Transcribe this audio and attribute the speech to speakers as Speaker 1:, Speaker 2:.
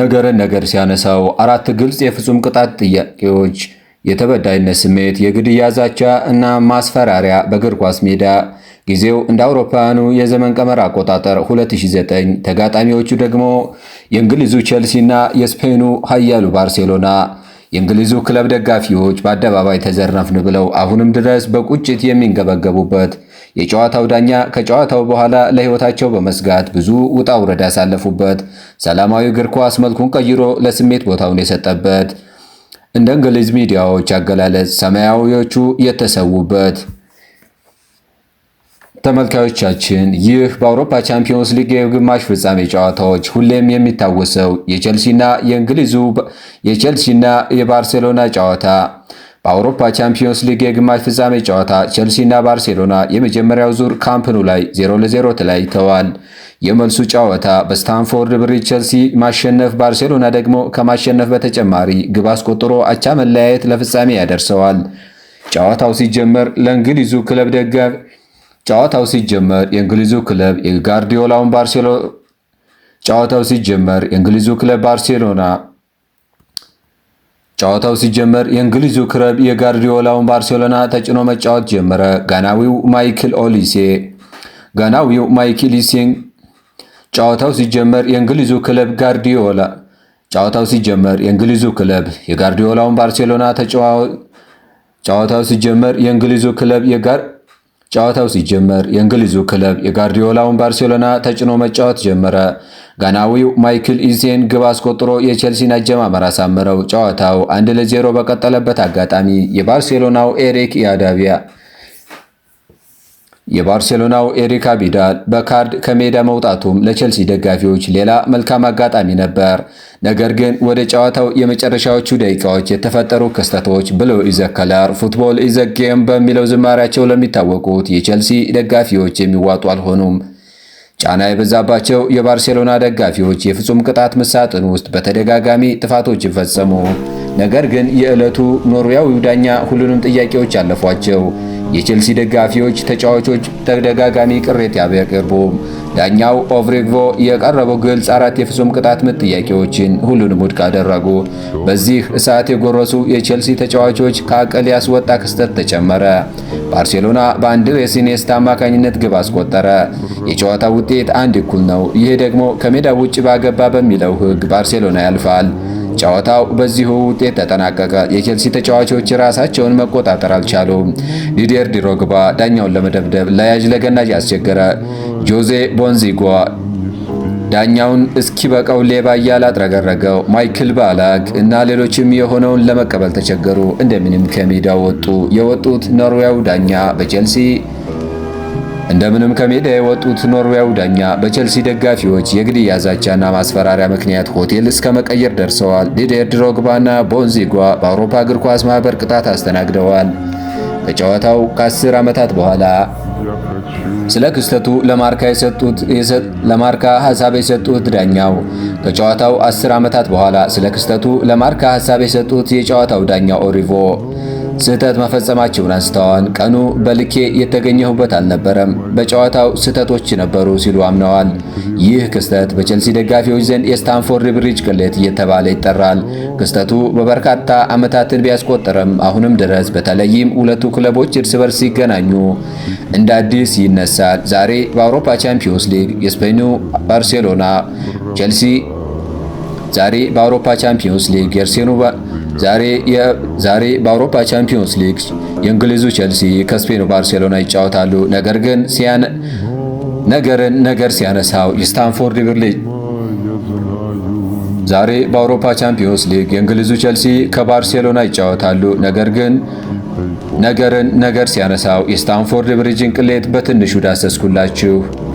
Speaker 1: ነገርን ነገር ሲያነሳው አራት ግልጽ የፍጹም ቅጣት ጥያቄዎች የተበዳይነት ስሜት፣ የግድያ ዛቻ እና ማስፈራሪያ በእግር ኳስ ሜዳ። ጊዜው እንደ አውሮፓውያኑ የዘመን ቀመር አቆጣጠር 2009፣ ተጋጣሚዎቹ ደግሞ የእንግሊዙ ቼልሲ እና የስፔኑ ኃያሉ ባርሴሎና። የእንግሊዙ ክለብ ደጋፊዎች በአደባባይ ተዘረፍን ብለው አሁንም ድረስ በቁጭት የሚንገበገቡበት የጨዋታው ዳኛ ከጨዋታው በኋላ ለሕይወታቸው በመስጋት ብዙ ውጣ ውረድ ያሳለፉበት ሰላማዊ እግር ኳስ መልኩን ቀይሮ ለስሜት ቦታውን የሰጠበት እንደ እንግሊዝ ሚዲያዎች አገላለጽ ሰማያዊዎቹ የተሰዉበት። ተመልካዮቻችን ይህ በአውሮፓ ቻምፒዮንስ ሊግ የግማሽ ፍጻሜ ጨዋታዎች ሁሌም የሚታወሰው የቼልሲና የእንግሊዙ የቼልሲና የባርሴሎና ጨዋታ በአውሮፓ ቻምፒዮንስ ሊግ የግማሽ ፍጻሜ ጨዋታ ቼልሲና ባርሴሎና የመጀመሪያው ዙር ካምፕኑ ላይ 0 ለ0 ተለያይተዋል። የመልሱ ጨዋታ በስታንፎርድ ብሪጅ ቼልሲ ማሸነፍ፣ ባርሴሎና ደግሞ ከማሸነፍ በተጨማሪ ግብ አስቆጥሮ አቻ መለያየት ለፍጻሜ ያደርሰዋል። ጨዋታው ሲጀመር ለእንግሊዙ ክለብ ደጋፊ ጨዋታው ሲጀመር የእንግሊዙ ክለብ የጋርዲዮላውን ባርሴሎ ጨዋታው ሲጀመር የእንግሊዙ ክለብ ባርሴሎና ጨዋታው ሲጀመር የእንግሊዙ ክለብ የጋርዲዮላውን ባርሴሎና ተጭኖ መጫወት ጀመረ። ጋናዊው ማይክል ኦሊሴ ጋናዊው ማይክል ኢሴን ጨዋታው ሲጀመር የእንግሊዙ ክለብ ጋርዲዮላ ጨዋታው ሲጀመር የእንግሊዙ ክለብ የጋርዲዮላውን ባርሴሎና ጨዋታው ሲጀመር የእንግሊዙ ክለብ የጋር ጨዋታው ሲጀመር የእንግሊዙ ክለብ የጋርዲዮላውን ባርሴሎና ተጭኖ መጫወት ጀመረ። ጋናዊው ማይክል ኢዜን ግብ አስቆጥሮ የቼልሲን አጀማመር አሳምረው ጨዋታው አንድ ለዜሮ በቀጠለበት አጋጣሚ የባርሴሎናው ኤሪክ ያዳቪያ የባርሴሎናው ኤሪክ አቢዳል በካርድ ከሜዳ መውጣቱም ለቼልሲ ደጋፊዎች ሌላ መልካም አጋጣሚ ነበር። ነገር ግን ወደ ጨዋታው የመጨረሻዎቹ ደቂቃዎች የተፈጠሩ ክስተቶች ብሎ ኢዘ ከለር ፉትቦል ኢዘ ጌም በሚለው ዝማሪያቸው ለሚታወቁት የቼልሲ ደጋፊዎች የሚዋጡ አልሆኑም። ጫና የበዛባቸው የባርሴሎና ደጋፊዎች የፍጹም ቅጣት ምሳጥን ውስጥ በተደጋጋሚ ጥፋቶች ፈጸሙ። ነገር ግን የዕለቱ ኖርዌያዊው ዳኛ ሁሉንም ጥያቄዎች አለፏቸው። የቼልሲ ደጋፊዎች ተጫዋቾች ተደጋጋሚ ቅሬታ ቢያቀርቡም ዳኛው ኦቭሪግቮ የቀረበው ግልጽ አራት የፍጹም ቅጣት ምት ጥያቄዎችን ሁሉንም ውድቅ አደረጉ። በዚህ እሳት የጎረሱ የቼልሲ ተጫዋቾች ከአቅል ያስወጣ ክስተት ተጨመረ። ባርሴሎና በአንድሬስ ኢኒየስታ አማካኝነት ግብ አስቆጠረ። የጨዋታ ውጤት አንድ እኩል ነው። ይህ ደግሞ ከሜዳ ውጭ ባገባ በሚለው ሕግ ባርሴሎና ያልፋል። ጨዋታው በዚሁ ውጤት ተጠናቀቀ። የቼልሲ ተጫዋቾች ራሳቸውን መቆጣጠር አልቻሉም። ዲዴር ዲሮግባ ዳኛውን ለመደብደብ ለያዥ ለገናዥ አስቸገረ። ጆዜ ቦንዚጓ ዳኛውን እስኪበቀው ሌባ እያለ አጥረገረገው። ማይክል ባላክ እና ሌሎችም የሆነውን ለመቀበል ተቸገሩ። እንደምንም ከሜዳ ወጡ። የወጡት ኖርዌያዊ ዳኛ በቼልሲ እንደምንም ከሜዳ የወጡት ኖርዌያዊ ዳኛ በቼልሲ ደጋፊዎች የግድያ ዛቻና ማስፈራሪያ ምክንያት ሆቴል እስከ መቀየር ደርሰዋል። ዲዴር ድሮግባና ቦንዚጓ በአውሮፓ እግር ኳስ ማህበር ቅጣት አስተናግደዋል። በጨዋታው ከ10 ዓመታት በኋላ ስለ ክስተቱ ለማርካ ሀሳብ የሰጡት ዳኛው ከጨዋታው 10 ዓመታት በኋላ ስለ ክስተቱ ለማርካ ሀሳብ የሰጡት የጨዋታው ዳኛ ኦሪቮ ስህተት መፈጸማቸውን አንስተዋል። ቀኑ በልኬ የተገኘሁበት አልነበረም፣ በጨዋታው ስህተቶች ነበሩ ሲሉ አምነዋል። ይህ ክስተት በቼልሲ ደጋፊዎች ዘንድ የስታንፎርድ ብሪጅ ቅሌት እየተባለ ይጠራል። ክስተቱ በበርካታ ዓመታትን ቢያስቆጠርም፣ አሁንም ድረስ በተለይም ሁለቱ ክለቦች እርስ በርስ ሲገናኙ እንደ አዲስ ይነሳል። ዛሬ በአውሮፓ ቻምፒዮንስ ሊግ የስፔኑ ባርሴሎና ቼልሲ ዛሬ በአውሮፓ ቻምፒዮንስ ሊግ የርሴኑ ዛሬ በአውሮፓ ቻምፒዮንስ ሊግ የእንግሊዙ ቼልሲ ከስፔኑ ባርሴሎና ይጫወታሉ። ነገር ግን ነገርን ነገር ሲያነሳው የስታንፎርድ ብርሌ ዛሬ በአውሮፓ ቻምፒዮንስ ሊግ የእንግሊዙ ቼልሲ ከባርሴሎና ይጫወታሉ። ነገር ግን ነገርን ነገር ሲያነሳው የስታንፎርድ ብሪጅን ቅሌት በትንሹ ዳሰስኩላችሁ።